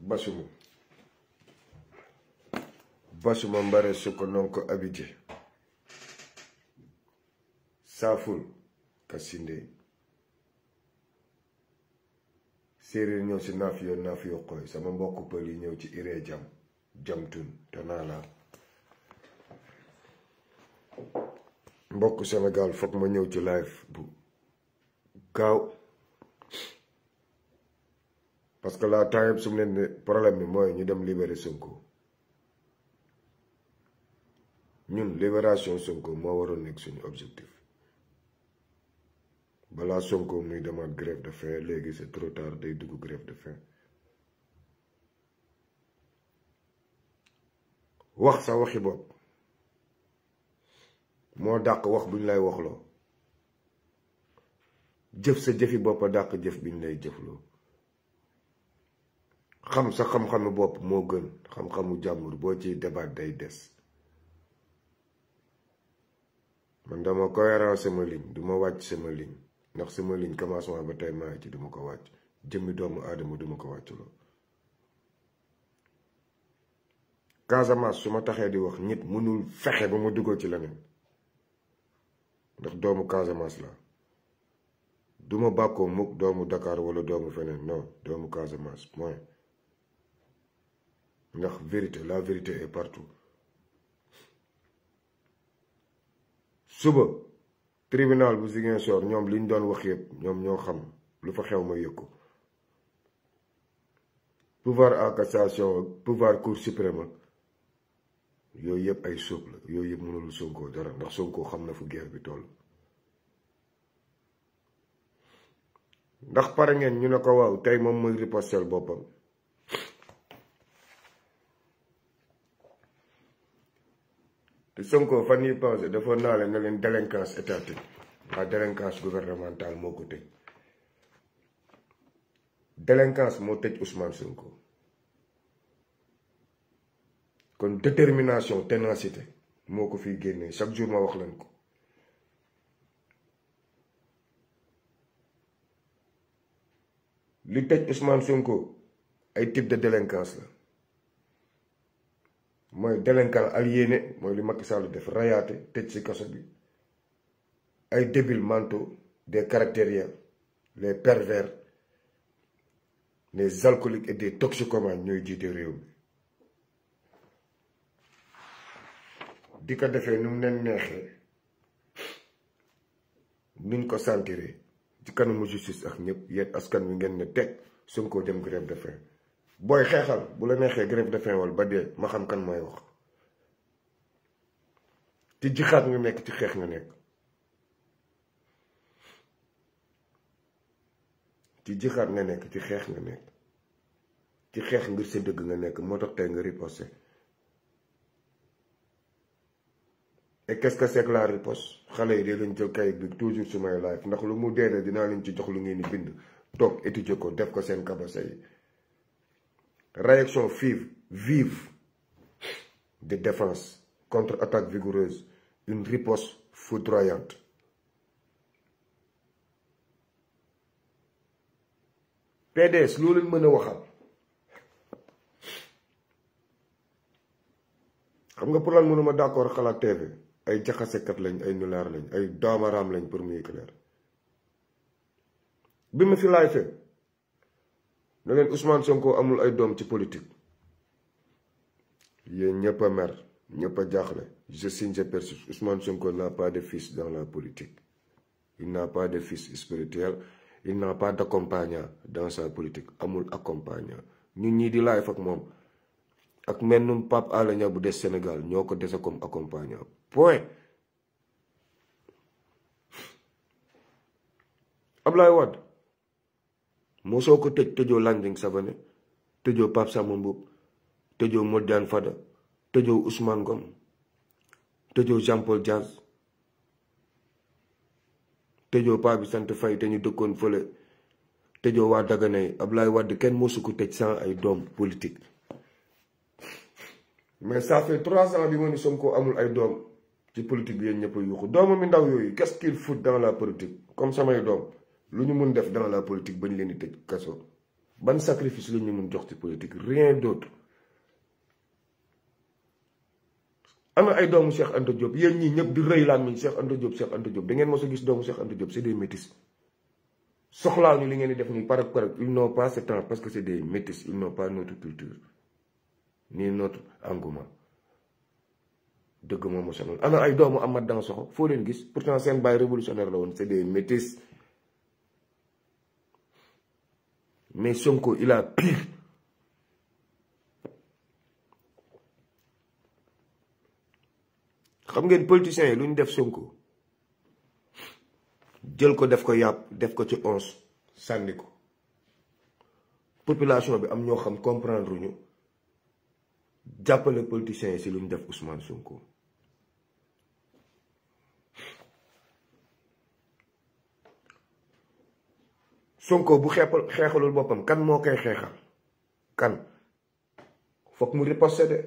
basumu basuma mbare suko non ko abije saful ka sinde séeréer ñëw si naafiyo naafiyo koy sama mbokk pël yi ñëw ci iree jam jamtun tanaala mbokk Sénégal foog ma ñëw ci live bu gaaw parce que la temps yëpp su mu ne problème bi mooy ñu dem libérer Sonko ñun libération Sonko moo waroon nekk suñu objectif balaa Sonko muy demaat grève de faim léegi c'est trop tard day dugg grève de faim wax sa waxi bopp moo dàq wax bu ñu lay waxloo jëf sa jëfi bopp dàq jëf bi ñu lay jëfloo. xam sa xam-xamu bopp moo gën xam-xamu jàmbur boo ci dabaat day des man dama cohérent sama ligne du ma wàcc sama ligne ndax sama ligne commencement ba tey maa ci duma ko wàcc jëmmi doomu aadama duma ko wàcc loo Casamance su ma taxee di wax nit mënul fexe ba ma dugal ci leneen ndax doomu Casamance la duma bàkkoo mukk doomu Dakar wala doomu feneen non doomu Casamance point ndax vérité la vérité et partout suba tribunal bu Ziguinchor ñoom liñ doon wax yëpp ñoom ñoo xam lu fa xew ma yëg ko pouvoir en cassation pouvoir cour suprême yooyu yëpp ay sóob la yooyu yëpp mënul Sonko dara ndax Sonko xam na fu guerre bi toll ndax pare ngeen ñu ne ko waaw tey moom mooy ripostel boppam Sonko fan yii passé defoon naa leen ne leen délinquance étatique waa délinquance gouvernementale moo ko tëj délinquance moo tëj Ousmane Sonko kon détermination ténacité moo ko fii génnee chaque jour ma wax leen ko li tëj Ousmane Sonko ay type de délinquance la. mooy délinquant aliéné mooy lu Macky Sall def rayaate tëj ci kaso bi ay débiles mentaux des ya les pervers les alcooliques et des toxicomanes ñooy jiite réew mi di ko defee nu mu leen neexee nuñ ko sentiree ci kanamu justice ak ñëpp yéen askan wi ngeen ne teg Sonko dem grève de faim booy xeexal bu la neexee grève de faim ba dee ma xam kan mooy wax ci jixaat nga nekk ci xeex nga nekk ci jixaat nga nekk xeex nga nekk ci xeex ngir sa dëgg nga nekk moo tax tey nga riposté et qu'est-ce la riposte xale yi dee leen jël kayit bi toujours su may live ndax lu mu dee dinaa leen ci jox lu ngeen di bind toog étudier ko def ko seen kabasa yi réaction vive vive de défense contre-attaque vigoureuse une riposte foudroyante PDS loo leen mën a waxal xam nga pour lan mënuma d'accord xalaat TV ay jaxasekat lañ ay nulaar lañ ay doomaraam lañ pour muy clair bi ma fi laay fee ne leen Ousmane Sonko amul ay doom ci politique yéen ñëpp mer ñëpp a jaaxle je signe je persiste Ousmane Sonko n'a pas de fils dans la politique il n'a pas de fils spirituel il n'a pas d'accompagnant dans sa politique amul accompagnant ñun ñii di lay fak moom ak mennum Pape Alé Niang bu des Sénégal ñoo ko dese comme accompagnant point Ablaye Wade mosoo ko tëj tëjoo Landing Savané tëjoo Pape sama Mboup tëjoo Modiane Fada tëjoo Ousmane Ngom tëjoo Jean Paul Diaz tëjoo paa bi sant Faye te ñu dëkkoon fële tëjoo waa Dagana ab Ablaye Wade kenn mosu ko tëj sans ay doom politique mais ça fait trois ans bi ma ni Sonko amul ay doom ci politique bi yéen ñëpp a yuuxu doomam mi ndaw yooyu qu'est-ce qu'il fout dans la comme samay doom lu ñu mun def dans la politique bañ leen di tëj kaso ban sacrifice lu ñu mun jox ci politique rien d'autre ana ay doomu Cheikh Anta Diop yéen ñii ñëpp di rëy laa Cheikh Anta Diop Cheikh Anta Diop da ngeen mos a gis doomu Cheikh Anta Diop c'est des métis soxlaa ñu li ngeen di def ñu par rapport ak ils n'ont pas ce parce que c'est des métis ils n'ont pas notre culture ni notre engouement dëgg moom moo sonal ana ay doomu Amath Dansokho foo leen gis pourtant seen baay révolutionnaire la woon c'est des Mais Sonko, il a pire. xam ngeen politiciens yi lu ñu def Sonko jël ko def ko yàpp def ko ci onze sànni ko population bi am ñoo xam comprendre ñu jàppale politiciens yi si lu ñu def Ousmane Sonko. Sonko bu xeexul xeexalul boppam kan moo koy xeexal kan foog mu riposte de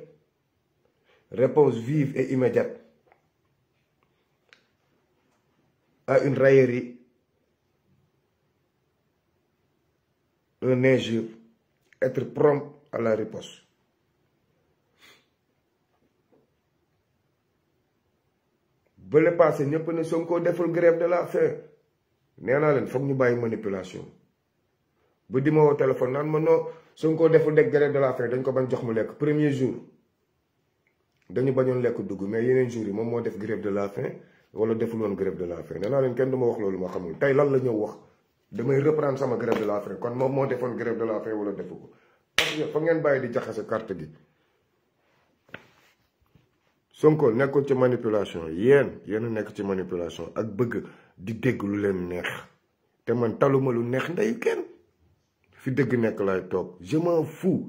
réponse vive et immédiate à une raillerie un injure être prompt à la riposte bële passé ñëpp ne Sonko deful grève de la faim nee naa leen foog ñu bàyyi manipulation bu di ma woo téléphone naan ma non suñ ko deful de grève de la faim dañ ko bañ jox mu lekk premier jour dañu bañoon lekk dugg mais yeneen jour yi moom moo def grève de la faim wala deful woon grève de la faim nee naa leen kenn du ma wax loolu ma xamul tey lan la ñëw wax damay reprendre sama grève de la faim kon moom moo defoon grève de la faim wala defu ko parce que fa ngeen bàyyi di jaxase carte gi Sonko nekkul ci manipulation yéen yéen nekk ci manipulation ak bëgg di dégg lu leen neex te man taluma lu neex ndeyu kenn fi dëgg nekk laay toog je m'en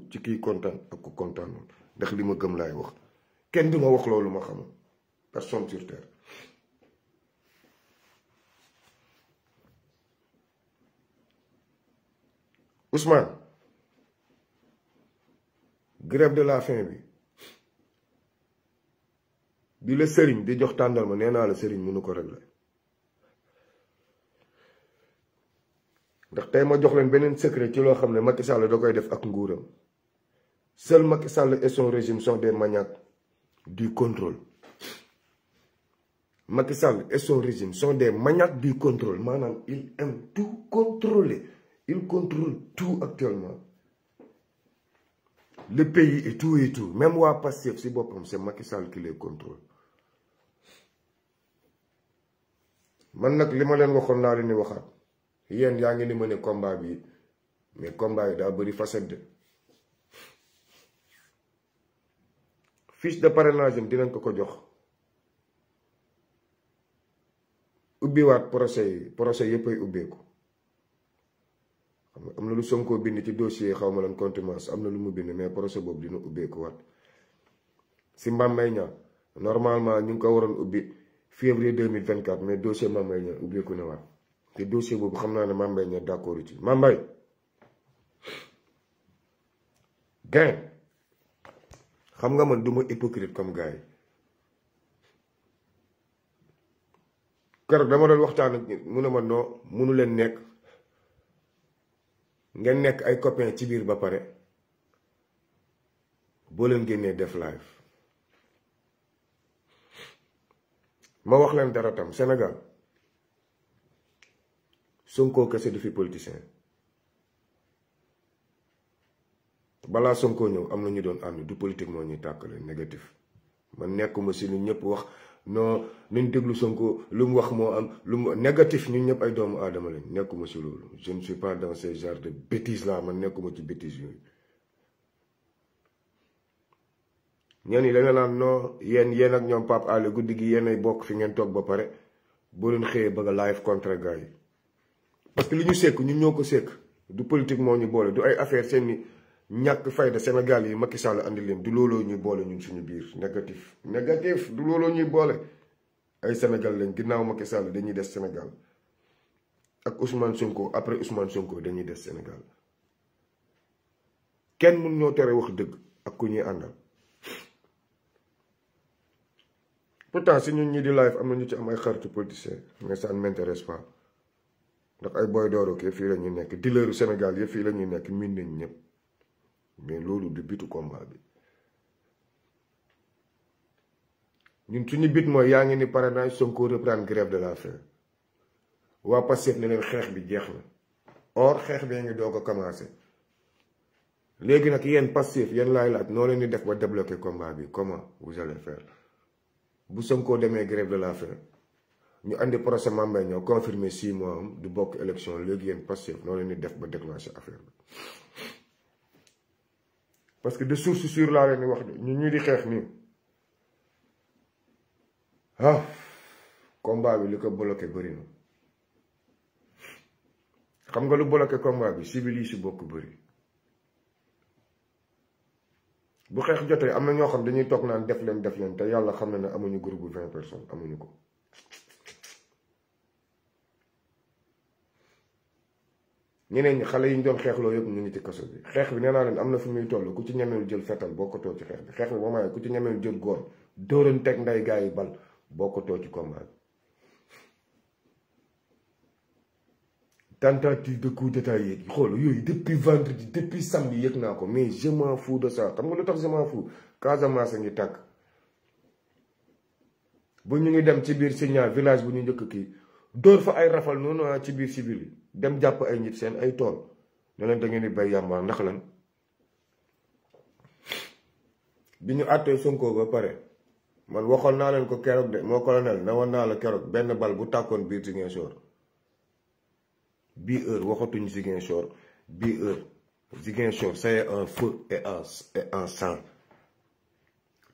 ci kii kontaan ak ku kontaanul ndax li ma gëm laay wax kenn du ma wax loolu ma xamul personne sur terre Ousmane de la fin bi bi la sëriñ di jox tàndal ma nee naa la sëriñ mënu ko rek la ndax tey ma jox leen beneen secret ci loo xam ne Macky Sall da koy def ak nguuram seul Macky Sall et son régime sont des maniaques du contrôle Macky Sall et son régime sont du contrôle maanaam il aime tout contrôler il contrôle tout actuellement le pays et tout et tout même waa Pastef si boppam c'est Macky Sall qui les contrôle man nag li ma leen waxoon naa leen ni waxaat yéen yaa ngi ni ma ne combat mais combat yi daa bëri facette de fiche de parrainage am dinañ ko ko jox ubbiwaat procès yi procès yëppay ubbeeku xam nga am na lu Sonko bind ci dossier xaw ma lan contumace am na lu mu bind mais procès boobu dina ubbeeku waat si Mame Mbaye Niang normalement ñu ngi ko waroon ubbi février 2024 mais dossier Mame Mbaye Niang ubbeeku ne waat te dossier boobu xam naa ne Mame Mbaye Niang d'accord ci Mame Mbaye gain xam nga man du ma hypocrite comme gars yi dama doon waxtaan ak mu ne ma noo munu leen nekk ngeen nekk ay copain ci biir ba pare boo leen génnee def live ma wax leen dara tam Sénégal Sonko kese du fi politicien balaa Sonko ñëw am na ñu doon ànd du politique moo ñuy tàkkale négatif man nekkuma si lu ñëpp wax non nañ déglu Sonko lu mu wax moo am lu mu négatif ñun ñëpp ay doomu aadama lañ nekkuma si loolu je ne suis pas dans ce genre de bêtise là man nekkuma ci bêtise yooyu. ñenn yi da nga naan noo yéen yéen ak ñoom Pape Alé guddi gi yéenay bokk fi ngeen toog ba pare boo leen xëyee bëgg a live contre gars yi. parce que li ñu sekk ñun ñoo ko sekk du politique moo ñu boole du ay affaire seen i ñàkk fayda Sénégal yi Macky Sall andi leen du looloo ñuy boole ñun suñu biir négatif. négatif du looloo ñuy boole ay Sénégal lañ ginnaaw Macky Sall dañuy des Sénégal ak Ousmane Sonko après Ousmane Sonko dañuy des Sénégal kenn mun ñoo tere wax dëgg ak ku ñuy àndal. pourtant si ñun ñi di live am na ñu ci am ay xaritu politicien mais ça ne ndax ay boy Dóor ok fii la ñuy nekk dileeru Sénégal yëpp fii la ñuy nekk miin nañ ñëpp mais loolu du bitu combat bi ñun suñu bit mooy yaa ngi ni parrainage Sonko reprendre grève de la waa Pastef ne leen xeex bi jeex na or xeex bee ngi doog a commencé léegi nag yéen Pastef yéen laay laaj noo leen di def ba débloquer combat bi comment vous allez faire bu Sonko demee grève de la ñu andi procès Mame Mbaye Niang confirmé six mois am du bokk élection léegi yéen Pastef noonu la ñuy def ba déclenché affaire bi parce que de source sûre laa leen di wax de ñu ñu di xeex nii ah combat bi li ko bloqué bëri na xam nga lu bloqué combat bi civil yi si bokk bëri bu xeex jotee am na ñoo xam dañuy toog naan def leen def leen te yàlla xam na ne amuñu group bu vingt personnes amuñu ko ñeneen ñi xale yi ñu doon xeexloo yëpp ñu ngi ci kaso bi xeex bi nee leen am na fu muy toll ku ci ñemewul jël fetal bokkatoo ci xeex bi xeex bi ba maay ku ci ñemewul jël góor dóoran teg nday gaa yi bal bokkatoo ci combat bi tentative de coup d'état yeeg yi xool yooyu depuis vendredi depuis samedi yëg naa ko mais je m'en de saa xam nga lu tax je m'en Casamance a ngi tàkk bu ñu ngi dem ci biir Signa village bu ñu njëkk kii dóor fa ay rafal noonu ah, ci biir civil yi dem jàpp ay nit seen ay tool ne leen da ngeen di bay yàmba ndax lan bi ñu àttee Sonko ba pare man waxoon naa leen ko keroog de moo colonel ne woon naa la keroog benn bal bu tàkkoon biir Ziguinchor bii heure waxatuñ Ziguinchor bii heure Ziguinchor un et un et un sang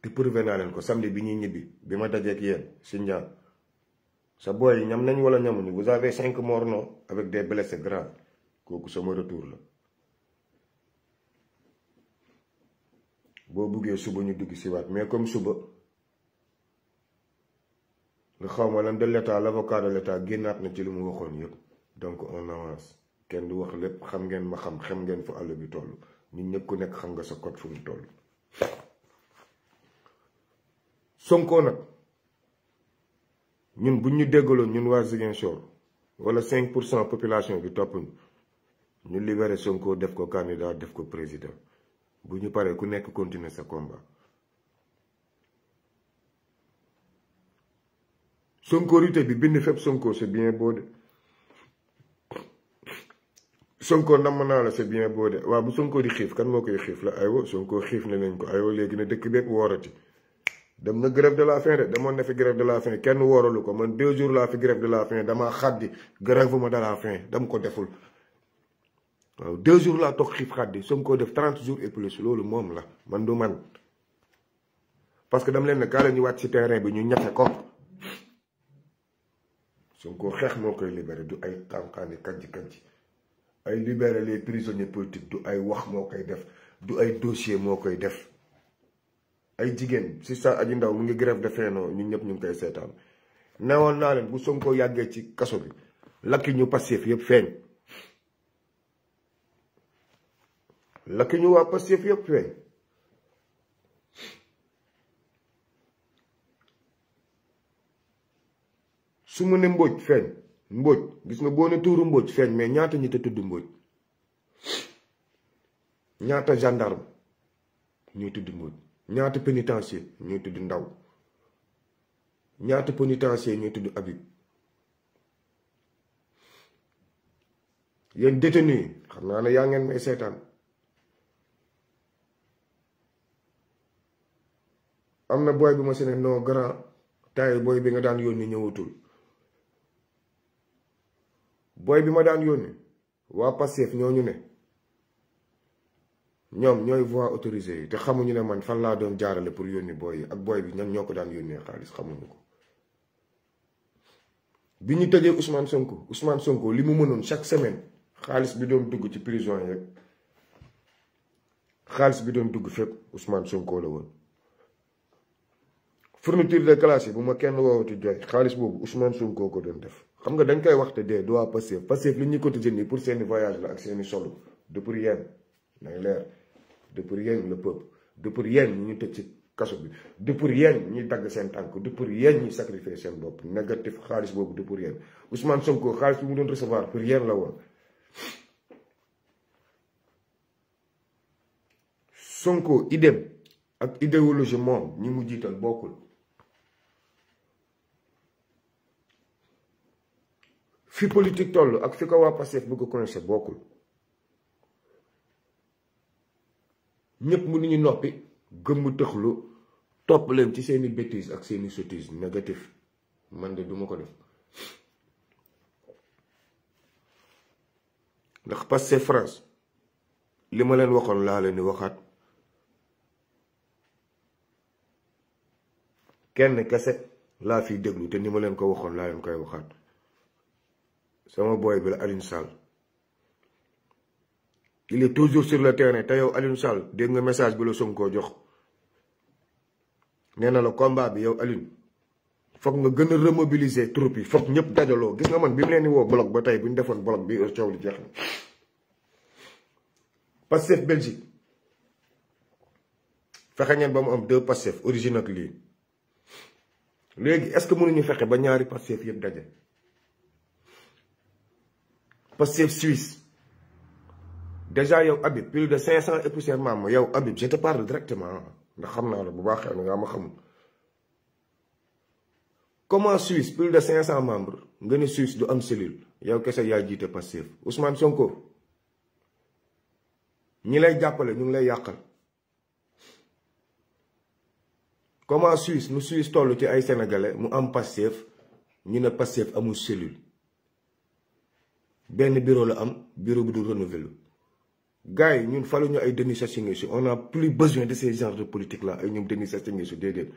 te prouvé naa leen ko samedi bi ñuy ñibbi bi ma dajeek yéen si ñaan sa boy yi ñam nañ wala ñamuñu vous avez cinq morts non avec des blessés graves kooku sama retour la boo buggee suba ñu dugg siwaat mais comme suba nga xaw ma lan de l'état l'avocat de l'état génnaat na ci li mu waxoon yëpp donc on avance kenn du wax lépp xam ngeen ma xam xam ngeen fu àll bi toll nit ñëpp ku nekk xam nga sa code fu mu toll Sonko nag. ñun buñ ñu déggaloon ñun waa Ziguinchor wala 5 pour cent population bi topp ñu ñu libéré Sonko def ko candidat def ko président bu ñu paree ku nekk continuer sa combat. Sonkorité bi bind fépp Sonko c'est bien beau de Sonko namm naa la c'est bien beau de waaw bu Sonko di xiif kan moo koy xiif la aywa Sonko xiif ne nañ ko aywa léegi na dëkk bépp woorati. dem na grève de la faim de demoon na fi grève de la faim kenn wooralu ko man deux jours laa fi grève de la faim damaa xaddi grève ma de la faim dama ko deful waaw deux jours laa toog xiif xaddi soo ko def trente jours et plus loolu moom la man du man parce que dama leen ne kaa leen wàcc ci terrain bi ñu ñafe ko Sonko xeex moo koy libéré du ay tànqaani kanji kanji ay libéré les prisonniers politiques du ay wax moo koy def du ay dossier moo koy def ay jigéen si sa aji ndaw mu ngi grève de faim ñun ñëpp ñu ngi koy seetaan newoon naa leen bu Sonko yàggee ci kaso bi lakki ñu Pastef yëpp feeñ lakki ñu waa Pastef yëpp feeñ su mu ne mbóoj feeñ mbóoj gis nga boo ne tuuru mbóoj feeñ mais ñaata ñi tudd mbóoj ñaata gendarme ñuy tudd mbóoj ñaata pénitencier ñuy tudd ndaw ñaata pénitencier ñuy tudd Habib yéen détenu yi xam naa ne yaa ngeen may seetaan am na booy bi ma si ne non grand taay booy bi nga daan yónni ñëwatul booy bi ma daan yónni waa Pastef ñooñu ne ñoom ñooy voix autorisée yi te xamuñu ne man fan laa doon jaarale pour yónni booy yi ak booy bi ñan ñoo ko daan yónnee xaalis xamuñu ko. bi ñu tëjee Ousmane Sonko Ousmane Sonko li mu mënoon chaque semaine xaalis bi doon dugg ci prison yi rek xaalis bi doon dugg fépp Ousmane Sonko la woon. fourniture de classe yi bu ma kenn woowati jooy xaalis boobu Ousmane sunkoo ko doon def xam nga dañ koy wax te dee du waa Pastef Pastef li ñuy cotiser nii pour seeni voyage la ak seeni solo du pour de pour yéen le peuple de pour yéen ñu tëj ci kaso bi de pour yéen ñuy dagg seen tànk de pour yéen ñuy sacrifier seen bopp négatif xaalis boobu de pour yéen Ousmane Sonko xaalis bi mu doon recevoir pour yéen la woon. Sonko idem ak idéologie moom ñi mu jiital bokkul. fi politique toll ak fi ko waa Pastef bëgg a connaissé bokkul. ñëpp mënuñu noppi gëmm tëxlu topp leen ci seeni bêtises ak seeni sottise négatif man de duma ko def ndax passé France li ma leen waxoon laa leen di waxaat kenn kese laa fiy déglu te ni ma leen ko waxoon laa leen koy waxaat sama booy bi la Alioune Sall il toujours sur le terrain te yow Alioune Sall dégg nga message bi la Sonko jox nee na la combat bi yow Alioune foog nga gën a remobiliser troupe yi foog ñëpp dajaloo gis nga man bi mu leen woo bloc ba tey bu ñu defoon bloc bi coow li jeex na Pastef Belgique fexe ngeen ba mu am deux Pastef origine ak lii léegi est-ce que mënuñu fexe ba ñaari Pastef yëpp daje Pastef Suisse. déjà yow Habib plus de 500 et poussière maam yow Habib je te parle directement ndax xam naa la bu baax xel nga ma xamul. comment Suisse le de 500 membre nga ne Suisse du am cellule yow kese yaa jiite Pastef Ousmane Sonko ñi lay jàppale ñu ngi lay yàqal. comment Suisse nu Suisse toll ci ay sénégalais mu am Pastef ñu ne Pastef amul cellule benn bureau la am bureau bu du renouveler. gars yi ñun faluñu ay Denis Sassou-Nguesso on a plus besoin de ces genres de politique là ay ñoom Denis Sassou-Nguesso déedéet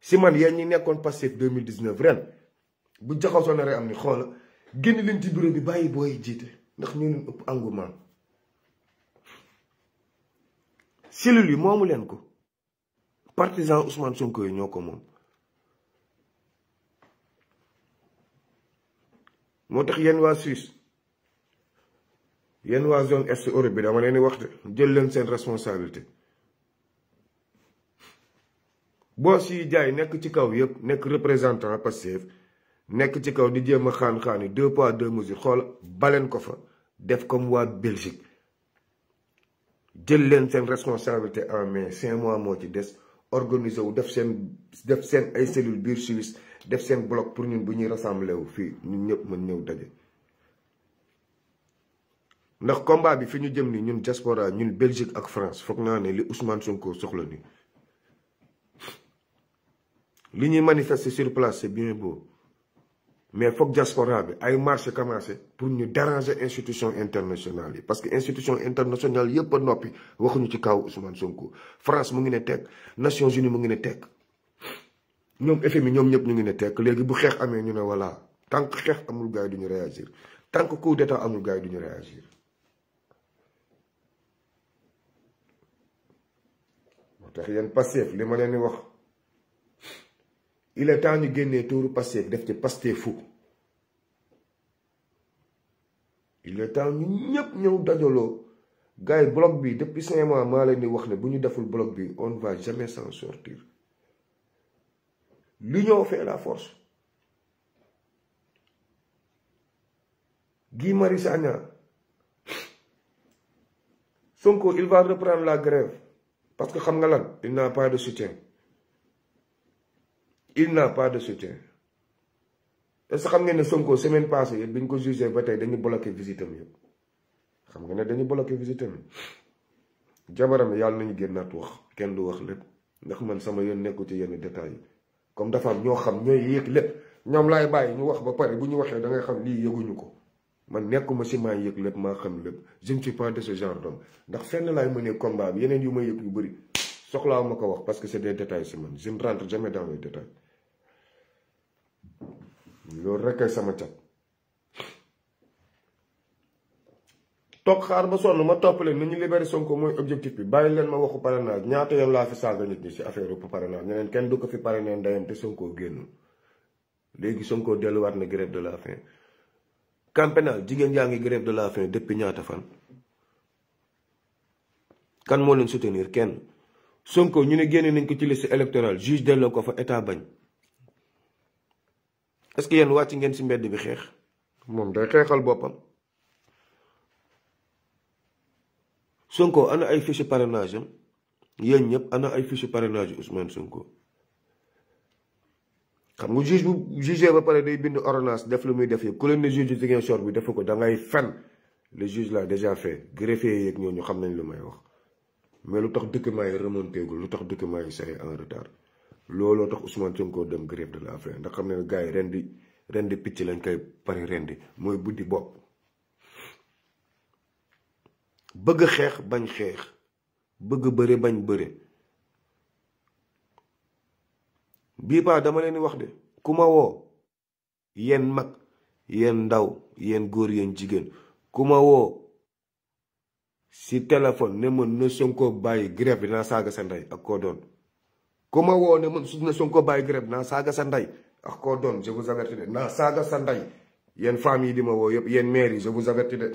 si man yéen ñi nekkoon Pastef ren bu jaxasoo na am ni xoola génn leen ci bureau bi bàyyi booy jiite ndax ñu leen ëpp engouement cellule yi moomu leen ko partisan Ousmane Sonko yi ñoo ko moom moo tax yenn waa Suisse yéen waa zone est Europe bi dama leen di wax de jël leen seen responsabilité boo si jaay nekk ci kaw yëpp nekk représentant Pastef nekk ci kaw di jéem a xaan-xaan yi deux poids deux mesures xool baleen ko fa def comme waa Belgique jël leen seen responsabilité en mais sin mois moo ci des organiser wu def seen def seen ay cellules biir Suisse def seen bloc pour ñun bu ñuy rassemblé wu fii ñun ñëpp mën ñëw daje ndax combat bi fi ñu jëm ni ñun diaspora ñun Belgique ak France foog naa ne li Ousmane Sonko soxla ni li ñuy manifester sur place c'est bien beau mais foog diaspora bi ay marché commencé pour ñu déranger institution internationale yi parce que institution internationale yëpp a noppi waxuñu ci kaw Ousmane Sonko France mu ngi ne teg Nations Unies mu ngi ne teg ñoom FMI ñoom ñëpp ñu ngi ne tekk léegi bu xeex amee ñu ne voilà tant que xeex amul gars yi ñu réagir tant que coup amul gars yi du tax yéen Pastef li ma leen di wax il est temps ñu génnee tuuru Pastef def ci Pastefu il est temps ñu ñëpp ñëw dajaloo gars yi bloc bi depuis cinq mois maa leen di wax ne bu ñu deful bloc bi on va jamais s'en sortir l'union fait la force Guy Marius Sagna Sonko il va reprendre la grève parce que xam nga lan il n'a pas de soutien il n'a pas de soutien est-ce xam ngeen ne Sonko semaine passée bi ñu ko jugé ba tey dañu bloqué visitam yëpp xam nga ne dañu bloqué visitam am jabaram yàlla nañu génnaat wax kenn du wax lépp ndax man sama yoon nekku ci yenn détails yi comme dafa am ñoo xam ñooy yéeg lépp ñoom laay bàyyi ñu wax ba pare bu ñu waxee da ngay xam lii yëguñu ko. man nekkuma si maa yëg lépp maa xam lépp je ne suis pas de ce genre d'homme ndax fenn laay mënee combat bi yeneen yu ma yëg yu bëri soxlaa ma ko wax parce que c'est des détails si man je ne rentre jamais dans les détails loolu rek sama cat toog xaar ba sonn ma topp leen ni nañu libéré Sonko mooy objectif bi bàyyi leen ma waxu parrainage ñaata yoon laa fi saaga nit ñi si affaire bu parrainage ne leen kenn du ko fi parrainé ndeyam te Sonko génn léegi Sonko delluwaat na grève la camp pénal jigéen yaa ngi grève de la faim depuis ñaata fan kan moo leen soutenir kenn Sonko ñu ne génne nañ ko ci liste électorale juge delloo ko fa état bañ est-ce que yéen wàcc ngeen ci mbedd bi xeex moom day xeexal boppam Sonko na ay fiche parrainage am yéen ñëpp na ay fiche parrainage Ousmane Sonko xam nga juge bu jugee ba pare day bind ordonnance def lu muy def yëpp ku leen di juge Ziguinchor bi defu ko da ngay fen le juge là déjà fait greffier yeeg ñooñu xam nañ lu may wax mais lu tax documents yi remonté gul lu tax documents yi c'est en retard looloo tax Ousmane Sonko dem grève de la faim ndax xam ne gars yi ren di ren di picc lañ koy pare ren di mooy buddi bopp bëgg xeex bañ xeex bëgg bëre bañ bëre bii paa dama leen wax de ku ma woo yenn mag yéen ndaw yéen góor yéen jigéen ku ma woo si téléphone ne man na Sonko bàyyi grève bi naa saaga sa ndey ak koo doon ku ma woo ne man su na Sonko bàyyi grève naa saaga sa ndey ak koo doon je vous de naa saaga sa ndey yéen femmes yi di ma woo yëpp yéen maires yi je vous avertis de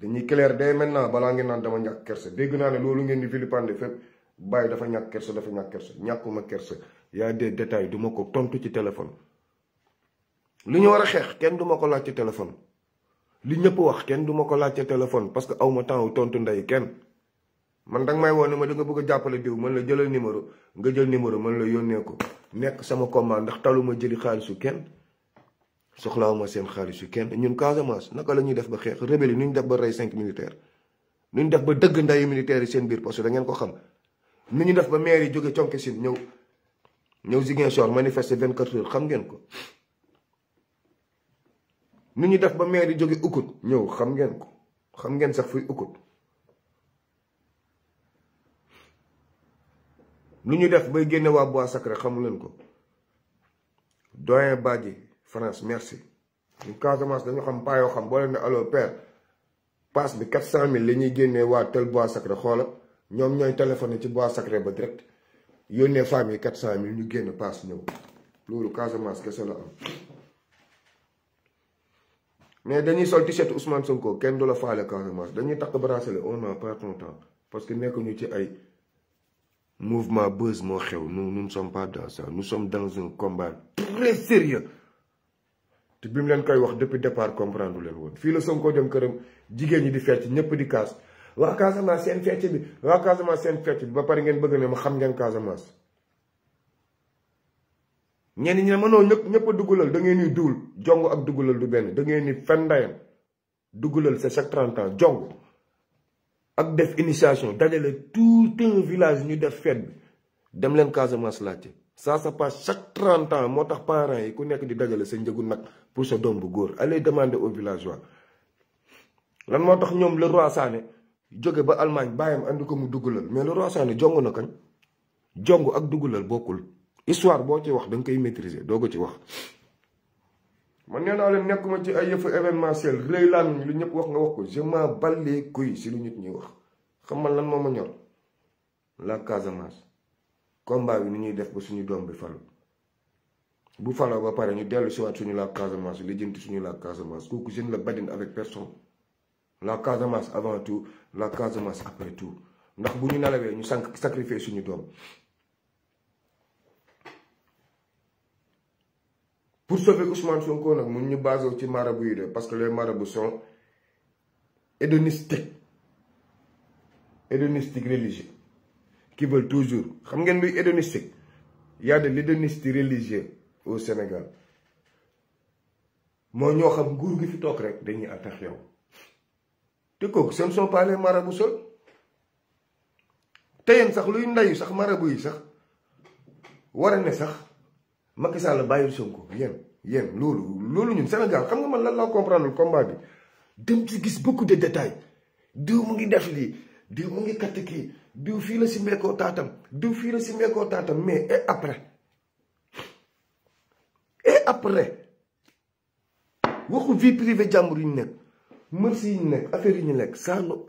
dañuy clair dès maintenant balaa ngeen naan dama ñàkk kersa dégg naa ne loolu ngeen di vilipender fépp bàyyi dafa ñàkk kersa dafa ñàkk kersa ñàkkuma kerse yaa des détails duma ko tontu ci téléphone lu ñu war a xeex kenn duma ko laaj téléphone li ñëpp wax kenn duma ko laaj ci téléphone parce que awma temps wu tontu ndey kenn man danga may woo ne ma da bëgg jàppale diw man la jëlal numéro nga jël numéro man la yónnee ko nekk sama commande ndax taluma jëli xaalisu kenn soxlaawuma seen xaalisu kenn ñun Casamance naka la ñuy def ba xeex rebelle yi nu ñu def ba rey cinq militaire nu ñu def ba dëgg ndayu militaires yi seen biir parce que ngeen ko xam ni ñu def ba maire yi jóge Thionckesine ñëw ñëw Ziguinchor manifester 24 heures xam ngeen ko ni ñu def ba maire yi jóge Oukout ñëw xam ngeen ko xam ngeen sax fuy Oukout nu ñu def bay génne waa Bois Sacré xamu leen ko doyen Badji France merci ñu Casamance dañu xam paa yoo xam boo leen ne allo père passe bi 400000 la ñuy génnee waa tel Bois Sacré xoola ñoom ñooy téléphoné ci bois sacré ba direct yónnee femmes yi quatre cent mille ñu génn paas ñëw loolu Casamance kese la am mais dañuy sol t-shirt Ousmane Sonko kenn du la faale Casamance dañuy takk bracelet on n'a pas ton temps parce que ñu ci ay mouvement buzz moo xew nous nous ne sommes pas dans ça nous sommes dans un combat très sérieux te bi mu leen koy wax depuis départ comprendre leen woon fii la Sonko dem këram jigéen ñi di fecc ñëpp di kaas. waa Casamance seen fecc bi waa Casamance seen fecc bi ba pare ngeen bëgg ne ma xam ngeen Casamance ñenn ñi ne mënoo ñëpp ñëpp a duggalal da ngeen ni duul jong ak duggalal du benn da ngeen ni fen ndayam duggalal c'est chaque trente jong ak def initiation dajale tout un village ñu def fête bi dem leen Casamance laajte ça se passe chaque trente ans moo tax parents yi ku nekk di dajale sa njëgu nag pour sa doom bu góor allez demander aux villageois lan moo tax ñoom le jóge ba Allemagne bàyyam andi ko mu duggalal mais le roi Sané jong na kañ jong ak duggalal bokkul histoire boo ci wax danga koy maîtriser doo ko ci wax. man nee naa leen nekkuma ci ay yëfu événementiel rëy laa lu ñëpp wax nga wax ko je m'en bats les si lu nit ñi wax xam man lan moom ma ñor la Casamance combat bi ni ñuy def ba suñu doom bi falu bu faloo ba pare ñu dellu si waat suñu la Casamance li jënti suñu la Casamance kooku je ne la badine avec personne. la Casamance avant tout la Casamance après tout ndax bu ñu nalawee ñu sank sacrifier suñu doom pour sauver Ousmane Sonko nag mu ñu basoo ci marabu yi de parce que les marabouts sont hédonistiques hédonistiques religieux qui veulent toujours xam ngeen luy hédonistique y a de l'hédoniste religieux au Sénégal moo ñoo xam nguur gi fi toog rek dañuy attax yow te kooku ce ne sont pas les te yéen sax luy ndayu sax marabu yi sax war a ne sax Macky Sall bàyyil Sonko yéen yéen loolu loolu ñun Sénégal xam nga man lan laa comprendre combat bi dem ci gis beaucoup de diw mu ngi def lii diw mu ngi katt kii diw fii la si mbeekoo taatam diw fii la si mbeekoo taatam mais et après et après waxu vie privée jàmbur yu nekk merci yi ñu nekk affaire yi ñu nekk ça nous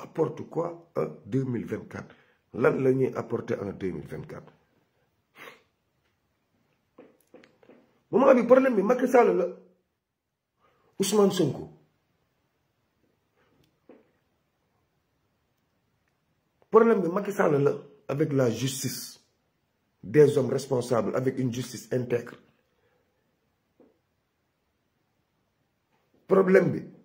quoi en deux mille vingt quatre lan la ñuy apporter en deux mille vingt quatre moment bi problème bi Macky Sall la Ousmane Sonko problème bi Macky Sall la avec la justice des hommes responsables avec une justice integre problème bi.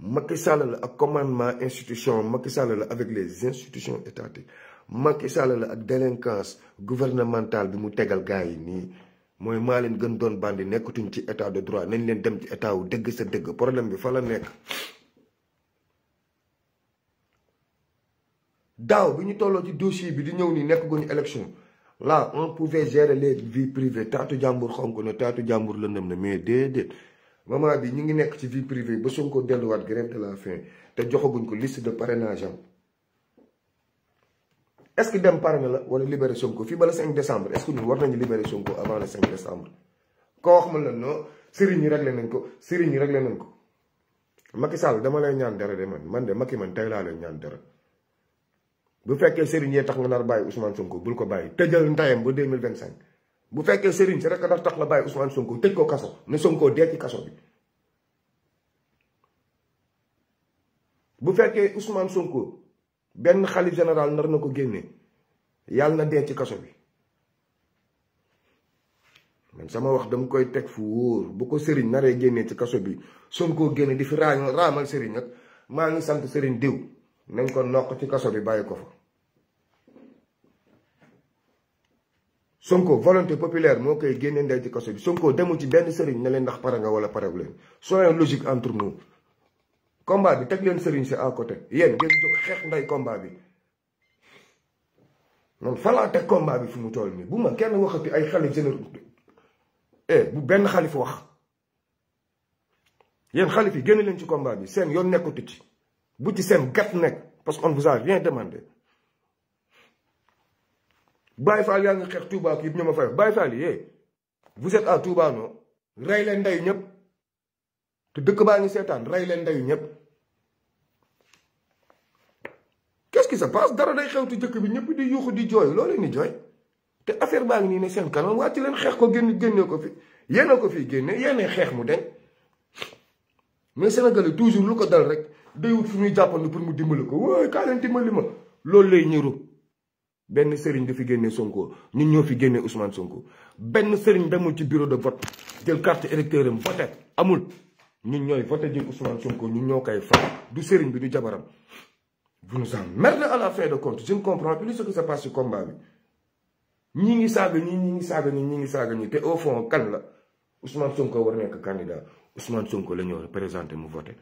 Macky Sall la ak commandement institution Macky Sall la avec les institutions étatiques Macky Sall la ak délinquance gouvernementale bi mu tegal gars yi nii mooy maa leen gën doon bandi nekkatuñ ci état de droit nañ leen dem ci état wu dégg sa dégg problème bi fa la nekk. daaw bi ñu tolloo ci dossier bi di ñëw nii nekk guñu élection là on pouvait gérer les vies privées taatu jàmbur xonk na taatu jàmbur lëndëm na mais déedéet. moment bi ñu ngi nekk ci vie privée ba sunkoo delluwaat grève de la te joxaguñ ko liste de parrainage am est-ce que dem parrainé la wala libéré Sonko fii ba le 5 décembre est-ce que ñun war nañu libéré Sonko avant le 5 décembre. koo wax ma la non sëriñ ñi réglé nañ ko sëriñ ñi réglé nañ ko Macky Sall dama lay ñaan dara de man man de Macky man tey laa lay ñaan dara bu fekkee sëriñ yee tax nga nar bàyyi Ousmane Sonko bul ko bàyyi tëjal ntayam ba 2025. bu fekkee Serigne si rek a tax la bàyyi Ousmane sunkoo tëj ko kaso ne sunkoo dee ci kaso bi bu fekkee Ousmane Sonko benn xalif général nar na ko génne yàlla na dee ci kaso bi man sama wax dama koy teg fu wóor bu ko Serigne naree génnee ci kaso bi Sonko génne di fi raamal Serigne nag maa ngi sant Serigne diw nañ ko nokk ci kaso bi bàyyi ko fa. Sonko volonté populaire moo koy génne ndey ci kaso bi Sonko demul ci benn sëriñ ne leen ndax pare nga wala pare leen soyons logique entre nous combat bi teg leen sëriñ si à côté yéen ngeen jóg xeex ndey combat bi. man fa laa teg combat bi fu mu toll nii bu ma kenn waxati ay xalif généraux eh, bu benn xalif wax yéen xalif yi génn leen ci combat bi seen yoon nekkutu ci bu ci seen gat nekk parce que on vous a rien demandé. Baye Fall yaa ngi xeex Touba kii bi ma fay Baye Fall yee eh, vous êtes à Touba non rey leen ndeyu ñëpp te dëkk baa ngi seetaan rey leen ndeyu ñëpp. qu'est-ce qui se passe dara day xewtu jëkk bi ñëpp di yuuxu di jooy loo ni di jooy te affaire baa ngi nii ne seen kanam waa ci leen xeex ko génn génnee ko fi yéen ko fi génne yéen xeex mu den mais Sénégalais toujours lu ko dal rek day wut fu ñuy jàppandu pour mu dimbali ko waaye kaa leen dimbali ma loolu lay ñëru. benn sëriñ dafi génne Sonko ñun ñoo fi génne Ousmane Sonko benn sëriñ demul ci bureau de vote jël carte électeur am voté amul ñun ñooy voté jël Ousmane Sonko ñun ñoo koy fal du sëriñ bi du jabaram. vous nous emmerdez à la fin de compte je ne comprends plus ce qui se passe ci combat bi ñii ngi saaga ñii ñii ngi saaga ñii te au fond kan la Ousmane Sonko war nekk candidat Ousmane Sonko la ñu représenté mu voté.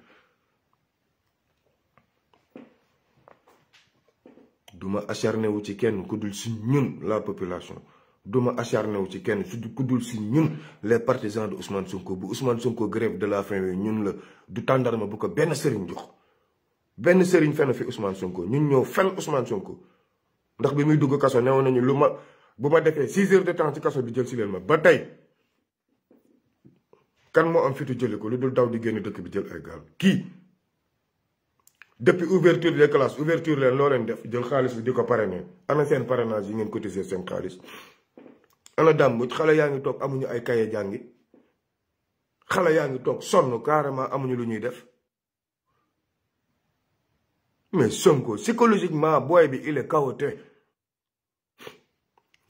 duma acharné wu ci kenn ku dul si ñun la population duma acharné wu ci kenn ku dul si ñun les partisans de Ousmane Sonko bu usman Sonko grève de la fin yooyu ñun la du tàndarma bu ko benn sëriñ jox benn sëriñ fenn fi Ousmane Sonko ñun ñëw fenn Ousmane Sonko ndax bi muy dugg kaso newoon nañu lu ma bu ma defee six heures de temps ci kaso bi jël si leen ma ba tey kan moo am fitu jëli ko lu dul daw di génn dëkk bi jël ay gaal kii depuis ouverture des classes ouverture leen loo leen def jël xaalis bi di ko parrainer ana seen parrainage yi ngeen cotiser seen xaalis ana dàmbuj xale yaa ngi toog amuñu ay kaye jàngi xale yaa ngi toog sonn carrément amuñu lu ñuy def mais Sonko psychologiquement booy bi il est chaotique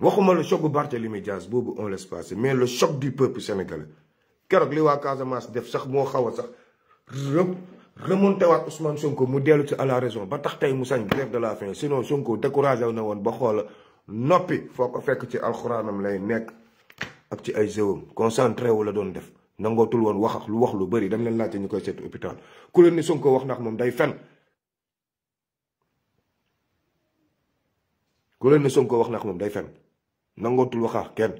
waxuma le choc bu Barthélémy Dias boobu on laisse passer mais le choc du peuple sénégalais keroog li waa Casamance def sax moo xaw a sax remonté waat Ousmane Sonko mu dellu ci à la raison ba tax tey mu sañ grève de la faim sinon Sonko découragé na woon ba xoola noppi foo ko fekk ci alxuraanam lay nekk ak ci ay sewam concentré wu la doon def nangootul woon wax lu wax lu bëri dam leen laajte ñu koy seet hôpital ku leen ni Sonko wax nax moom day fen ku leen ni wax nax moom day fen nangootul wax ak kenn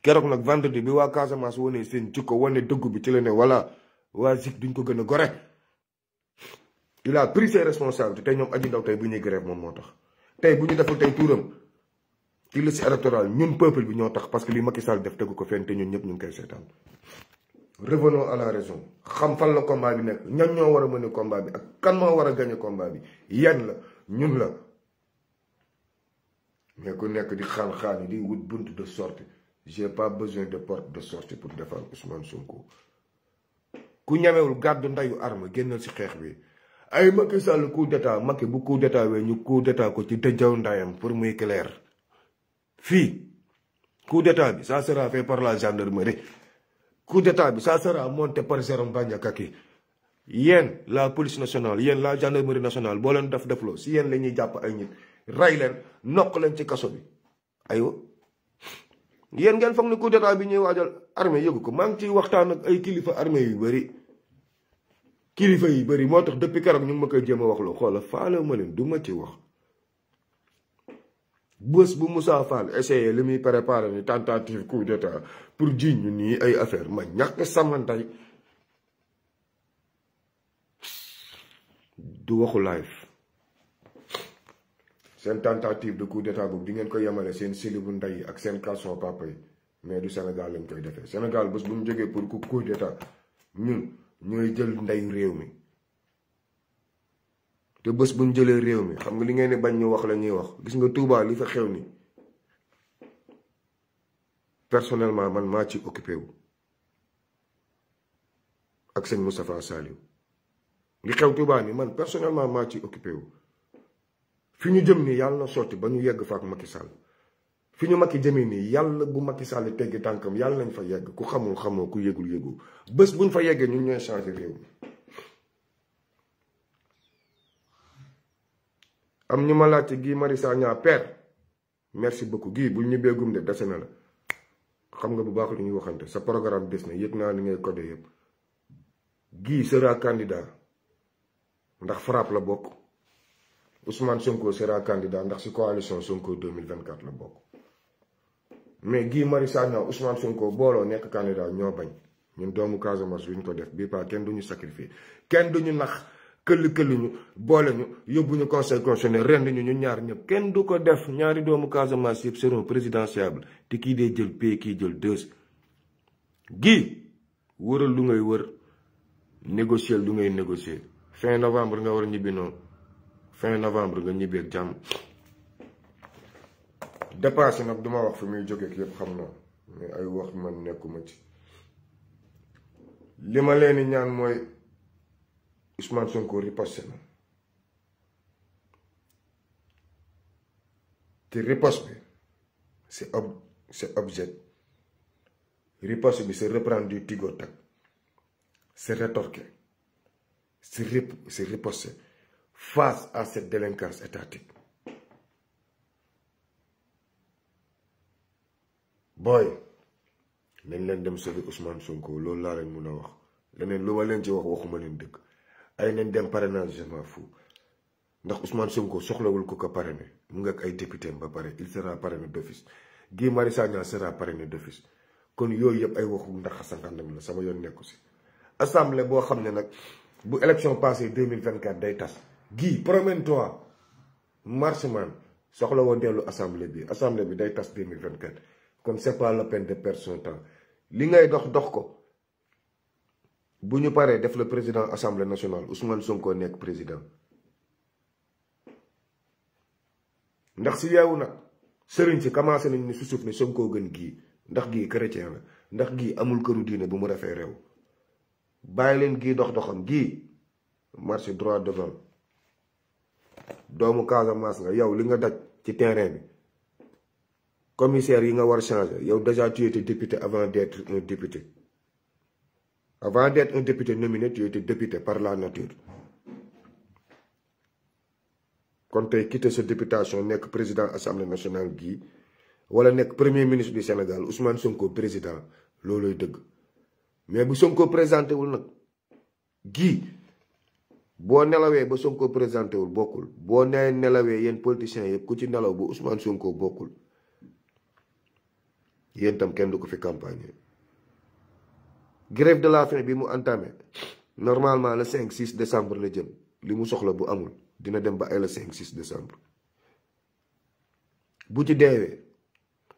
keroog nag vendredi bi waa Casamance wane seen jikko wane dëgg bi ci la ne wala waa Zik duñ ko gën a gore il a pris ses responsabilités tey ñoom aji ndaw tey bu ñuy grève moom moo tax tey bu ñu deful tey tuuram ci liste électorale ñun peuple bi ñoo tax parce que li Macky Sall def tegu ko fenn te ñun ñëpp ñu ngi seetaan. revenons à la raison xam fan la combat bi nekk ñan ñoo war a mën a combat bi ak kan moo war a gagné combat bi yan la ñun la mais ku nekk di xaan xaan di wut buntu de sortie j'ai pas besoin de porte de sortie pour défendre Ousmane Sonko ku ñamewul gàddu ndayu arme génnal ci xeex bi. ay Macky Sall coup d'état Macky bu coup d'état wee ñu coup d'état ko ci dëjjaw ndayam pour muy clair fii coup d'état bi ça sera fait par la gendarmerie coup d'état bi ça sera monté par Jérôme Bandiaka ki yéen la police nationale yéen la gendarmerie nationale boo leen def defloo si yéen la ñuy jàpp ay nit rey leen nokk leen ci kaso bi aywa yéen ngeen foog ne coup d'état bi ñuy waajal armée yëgu ko maa ngi ciy waxtaan ak ay kilifa armée yu bari kilifa yi bëri moo tax depuis keroog ñu ma koy jéem a wax loo xoola faale ma leen du ma ci wax bés bu Moussa Fall essayé li muy préparé ni tentative coup d'état pour jiñ ñu nii ay affaire ma ñàkk sama ndey du waxu live seen tentative de coup d'état boobu di ngeen ko yemale seen silibu ndey yi ak seen caleçon papa yi mais du Sénégal lañ koy defee Sénégal bés bu ñu jógee pour coup d'état ñun ñooy jël ndeyu réew mi te bés bu ñu jëlee réew mi xam nga li ngeen di bañ ñu wax la ñuy wax gis nga tuubaal li fa xew ni personnellement man maa ci occupé wu ak sëñ Moustapha Saliou li xew Touba ni man personnellement maa ci occupé wu fi ñu jëm nii yàlla na sotti ba ñu yegg fa ak Macky Sall fi ñu mag yi jëmee nii yàlla bu Macky Sall teggi tànkam yàlla nañ fa yegg ku xamul xamoo ku yëgul yëgul bés buñ fa yeggee ñun ñooy changé réew mi am ñu ma laajte Guy Marius Sagna père merci beaucoup Guy bu ñu béegum de dese na la xam nga bu baax lu ñuy waxante sa programme des na yëg naa ni ngay codé yëpp Guy sera candidat ndax FRAPP la bokk Ousmane Sonko sera candidat ndax ci coalition Sonko 2024 la bokk mais Guy Marius Sagna Ousmane Sonko booloo nekk candidat ñoo bañ ñun doomu Casamance duñ ko def bii paa kenn duñu sacrifier kenn duñu nax këll këll ñu boole ñu yóbbu ñu conseil constitutionnel rend ñu ñu ñaar ñëpp kenn du ko def ñaari doomu Casamance yëpp président présidentiable te kii dee jël p kii jël deux Guy wëral lu ngay wër négocier lu ngay négocier fin novembre nga war ñibbi noonu fin novembre nga ñibbi ak jàmm dépassé nag duma wax fi muy jógeek yëpp xam na mais ay wax man nekkuma ci li ma leen di ñaan mooy Ousmane Sonko riposte na te riposte bi c'est ob c'est objet riposte bi c'est reprendre du tigo tak c'est rétorquer c'est riposter face à cette délinquance étatique booy nañ leen dem sauver Ousmane Sonko loolu laa leen mun a wax leneen lu ma leen ci wax waxuma leen dëgg ay nañ dem parrainage je m'en fous ndax Ousmane Sonko soxlawul ko ko parrainé mu ngi ak ay député ba pare il sera parrainé d'office Guy Marius Sagna sera parrainé d'office kon yooyu yëpp ay waxu ndax xasanxandam la sama yoon nekku si assemblée boo xam ne nag bu élection passée 2024 day tas Guy promène-toi marche man soxla woo dellu assemblée bi assemblée bi day tas 2024 kon c'est pas la peine de perdre son temps li ngay dox dox ko bu ñu paree def la président assemblée nationale Ousmane Sonko nekk président ndax si yeewu nag sëriñ si commencé nañ ni su suuf ni koo gën gii ndax gii chrétien la ndax gii amul këru diine bu mu rafee réew bàyyi leen gii dox doxam gii marche droit de devant doomu Casamance nga yow li nga daj ci terrain bi commissaire yi nga war a changer yow déjà tu étais député avant d'être un député avant d'être un député nominé tu étais député par la nature kon tey quitter sa députation nekk président assemblée nationale gii wala nekk premier ministre du Sénégal Ousmane Sonko président loolooy dëgg mais bu Sonko présenté wul nag gii boo nelawee ba Sonko présenté wul bokkul boo nee nelawee yéen politiciens yëpp ku ci nelaw bu Ousmane Sonko bokkul yéen kenn du ko fi campagne grève de la faim bi mu entamé normalement la cinq 6 décembre la jëm li mu soxla bu amul dina dem ba ay le 5 6 décembre bu ci deewee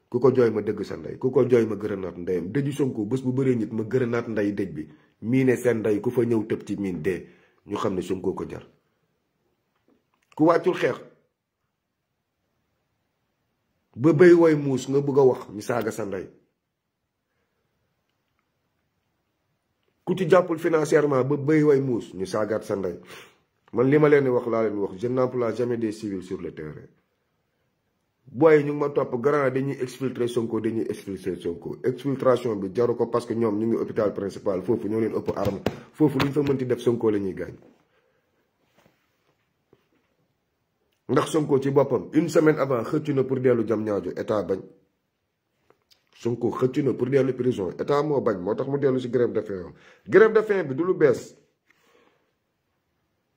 ku ko jooy ma dëgg sa ndey ku ko jooy ma gërënaat ndeyam dëju Sonko bés bu bëree nit ma naat ndey dëj bi miine seen ndey ku fa ñëw tëb ci miin dee ñu xam ne sunkoo ko jar ku wàccul xeex. ba béy woy muus nga bëgg a wax ñu saaga sa ndey ku ci jàppul financièrement ba béy woy muus ñu saagaat sa ndey man li ma leen di wax laa leen wax je n'emploie jamais des civils sur le terrain booy ñu ngi ma topp grand dañuy exfiltrer Sonko dañuy exfiltrer Sonko exfiltration bi jaru ko parce que ñoom ñu ngi hôpital principal foofu ñoo leen ëpp foofu lu ñu fa mënti def Sonko la ñuy gaañ ndax Sonko ci boppam une semaine avant xëcc na pour dellu jam ñaajo état bañ Sonko xëcc na pour dellu prison état moo bañ moo tax mu dellu si grève de faim grève de faim bi du bees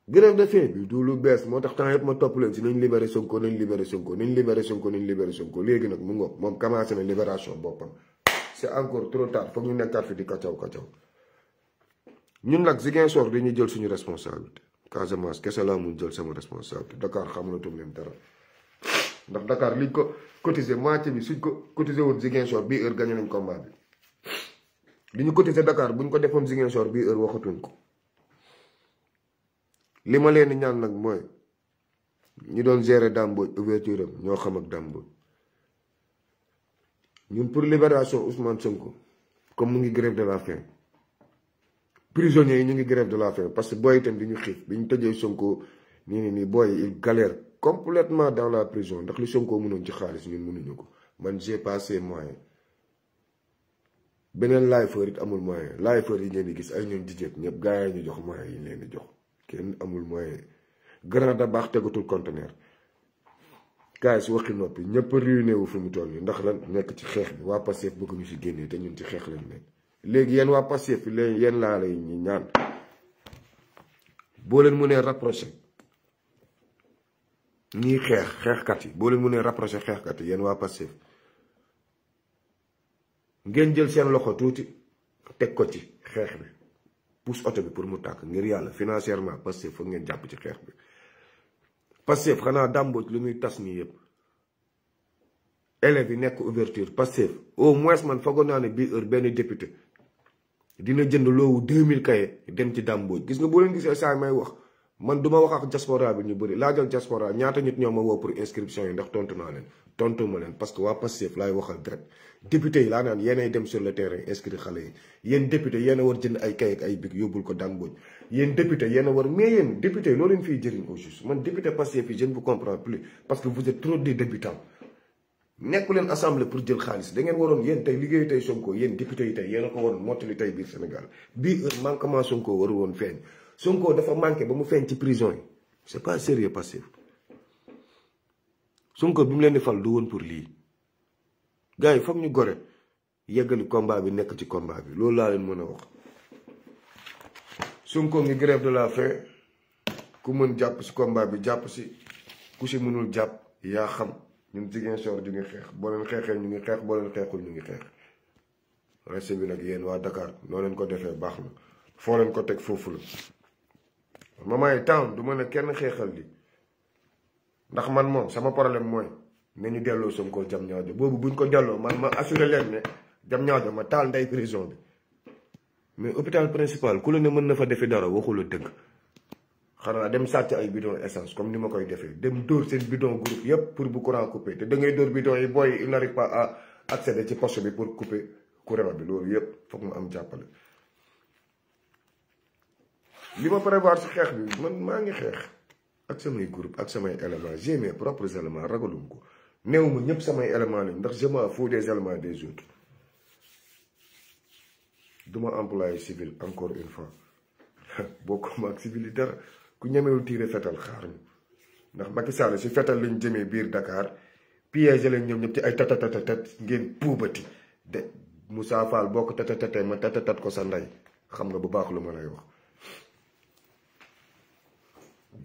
grève de faim bi du lu bees moo tax temps yëpp ma topp leen si nañ libéré Sonko nañ libéré Sonko nañ libéré Sonko nañ libéré Sonko léegi nag mu ngoog moom commencé na libération boppam c'est encore trop tard foog ñu nekkaat fi di kacaw kacaw ñun nag Ziguinchor dañuy jël suñu responsabilité. Casamance kese laa mun jël sama responsable Dakar xamalatum leen dara ndax Dakar liñ ko cotisé moitié bi suñ ko cotisé woon Ziguinchor bii heure gagné nañ combat bi li ñu cotisé Dakar buñ ko defoon Ziguinchor bii heure waxatuñ ko li ma leen ñaan nag mooy ñu doon gere Damboj ouverture am ñoo xam ak Damboj ñun pour libération Ousmane Sonko comme mu ngi grève la faim. prisonniers yi ñu ngi grève de la faim parce que booy itam di ñu xiif bi ñu tëjee Sonko nii nii nii booy il galère complètement dans la prison ndax li Sonko mënoon ci xaalis ñun mënuñu ko man j'ai passé moyen beneen laayfeur it amul moyen laayfeur yi ngeen di gis ay ñoom jigéen ñëpp gaa yi ñu jox moyen yi leen di jox kenn amul moyen grenade a baax tegatul conteneur kaay su waxi noppi ñëpp réuné wu fi mu toll yi ndax la nekk ci xeex bi waa Pastef bëgg ñu si génnee te ñun ci xeex lañ nekk léegi yéen waa Pastef leen yéen laa lay ñaan boo leen mënee rapproché ñii xeex xeexkat yi boo mu mënee rapproché xeexkat yi yéen waa Pastef ngeen jël seen loxo tuuti teg ko ci xeex bi pousse oto bi pour mu tàkk ngir yàlla financièrement Pastef foog ngeen jàpp ci xeex bi Pastef xanaa dàmbooj lu muy tas nii yëpp élèves yi nekk ouverture Pastef au moins man foogoon naa ne bii heure benn député dina jënd loowu 2000 kaye dem ci dàmbooj gis nga boo leen gisee saa may wax man du ma wax ak diaspora bi ñu bëri laajal diaspora ñaata nit ñoo ma woo pour inscription yi ndax tontu naa leen tontu ma leen parce que waa Pastef laay waxal direct député yi laa naan yéenay dem sur le terrain inscrit xale yi yéen député yéen a war jënd ay kaye ak ay bic yóbbul ko dàmbooj a war mais yéen député loo que vous êtes trop des débutants nekku leen assemblée pour jël xaalis da ngeen waroon yéen tey liggéeyu tey Sonko yéen député yi tey yéen a ko waroon mottali tey biir Sénégal bii heure manquement Sonko waru woon feeñ Sonko dafa manqué ba mu feeñ ci prison yi c'est pas sérieux passif Sonko bi mu leen di fal du woon pour lii gars yi foog ñu gore yeggali combat bi nekk ci combat bi loolu laa leen mën a wax Sonko ngi grève de la faim ku mën jàpp si combat bi jàpp si ku si mënul jàpp yaa xam ñun Ziguinchor ñu ngi xeex boo leen xeexee ñu ngi xeex boo leen xeexul ñu ngi xeex reste bi nag yéen waa dakaar noo leen ko defee baax na foo leen ko teg foofu la mama yi town du ma a kenn xeexal li ndax man moom sama problème mooy nañu delloo Sonko jam ñaajo boobu buñ ko delloo man ma assuré leen ne jam ñaajo ma taal ndey prison bi mais hôpital principal ku la ne mën na fa defi dara waxula dëgg xanaa dem sàcc ay bidon essence comme ni ma koy defee dem dóor seen bidon groupe yëpp pour bu courant coupé te da ngay dóor bidon yi booy il n'arrive pas à accéder ci poste bi pour couper courant bi loolu yëpp foog mu am jàppale. li ma prévoir si xeex bi man maa ngi xeex ak samay groupe ak samay éléments j'ai mes propres éléments ragalum ko new ma ñëpp samay éléments lañ ndax je m'en fous des éléments des autres duma employé civil encore une fois bokkuma ak civil yi ku ñemewul tiire fetal mi ndax Macky Sall si fetal lañ jëmee biir Dakar piégé leen ñoom ñëpp ci ay tatatatat ngeen puubati de Moussa Fall boo ko tatatatee tatatat ko sa ndey xam nga bu baax lu ma lay wax.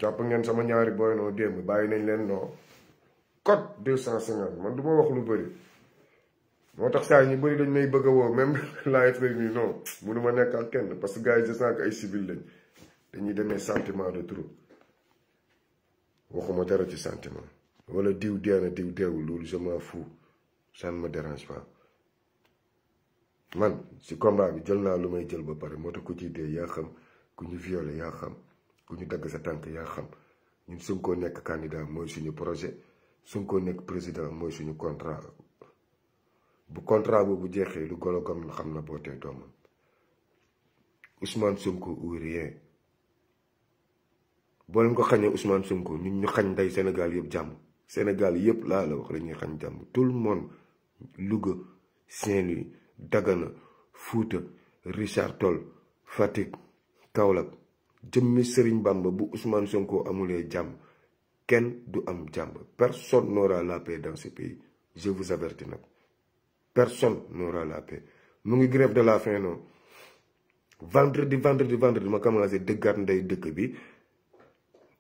jàpp ngeen sama ñaari booy noo démb bàyyi nañ leen noo kot deux cent cinquante man du ma wax lu bëri moo tax saa ñu bëri dañ may bëgg a woo même live lañ nii non mënu ma nekk ak kenn parce que gars yi je ay civil lañ. dañuy demee sentiment de trop waxuma dara ci sentiment wala diw dee na diw deewul loolu je m'en fous ça ne me man si combat bi jël naa lu may jël ba pare moo tax ku ci dee yaa xam ku ñu violé yaa xam ku ñu dagg sa tànk yaa xam ñun Sonko nekk candidat mooy suñu projet Sonko nekk président mooy suñu contrat bu contrat boobu jeexee lu golo na xam na bootee doomam Ousmane Sonko ou rien boo leen ko xañee Ousmane Sonko ñun ñu xañ day Sénégal yëpp jàmm Sénégal yëpp laa la wax la ñuy xañ jàmm tout le monde Louga Saint-Louis Dagana Fouta Richard Toll Fatick Kaolack jëmmi Serigne Bamba bu Ousmane Sonko amulee jàmm kenn du am jàmm personne n'aura la paix dans ce pays je vous avertis nag personne n'aura la paix mu ngi grève de la faim non vendredi vendredi vendredi ma commencé dëggaat ndey dëkk bi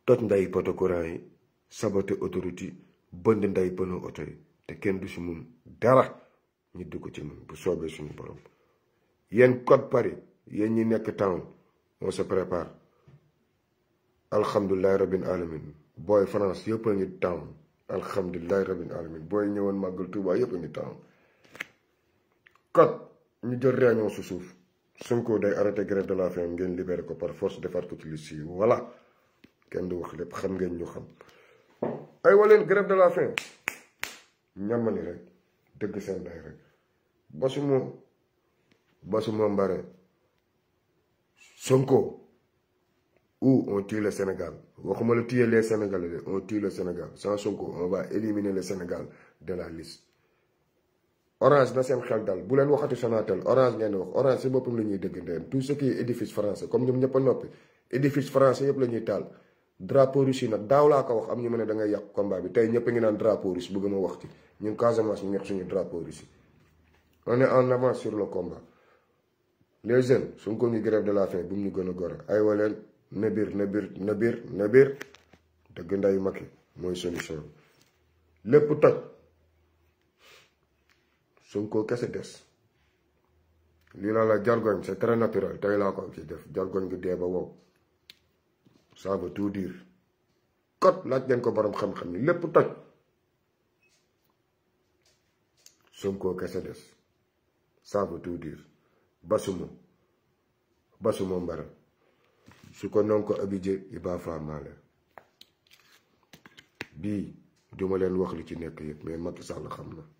toj nday poto courant yi saboté autorité yi bënd nday pëno oto te kenn du si mun dara ñu dugg ci mun bu soobee suñu borom yéen code Paris yéen ñi nekk town on se prépare alhamdulilahi rabbil alamin booy France yëpp a ngi town alhamdulilahi rabbil alamin booy ñëwoon màggal Tuubaa yëpp a ngi town code ñu jël réunion su suuf Sonko day arrêté grève de la faim ngeen libéré ko par force defar ko ci liste yi voilà kenn du wax lépp xam ngeen ñu xam ay waleen de la faim ñamali rek dëgg seen day rek basuma basuma mbare Sonko ou on tue le Sénégal waxuma la tuer les Sénégalais de on tue le Sénégal sans Sonko on va éliminer le Sénégal de la liste orange na seen xel dal buleen leen waxatu Sonatel orange ngeen wax orange si boppam la ñuy dëgg ndeen tout ce édifice français comme ñoom ñëpp noppi édifice français yëpp la ñuy taal drapeau russe nag daaw laa ko wax am ñu ma ne da ngay yàq combat bi tey ñëpp ngi naan drapeau russe bëgg ma wax ci ñun Casamance ñu ngi wax suñu drapeau russe yi on en avance sur le combat les jeunes suñ ko ñu grève de la faim bu mu ñu gën a gore ay waleen na biir na biir na biir na biir dëgg nday Macky mooy solution lépp toj suñ ko kese des lii laa la jargoñ c'est très naturel tey laa ko ci def jargoñ gi dee ba wow ça veut tout kot laaj ngeen ko borom xam-xam ni lépp toj Sonko kese des ça veut tout dire basumo basumo su ko non ko abije yi baa faamaale bii duma leen wax li ci nekk yëpp mais Macky Sall xam na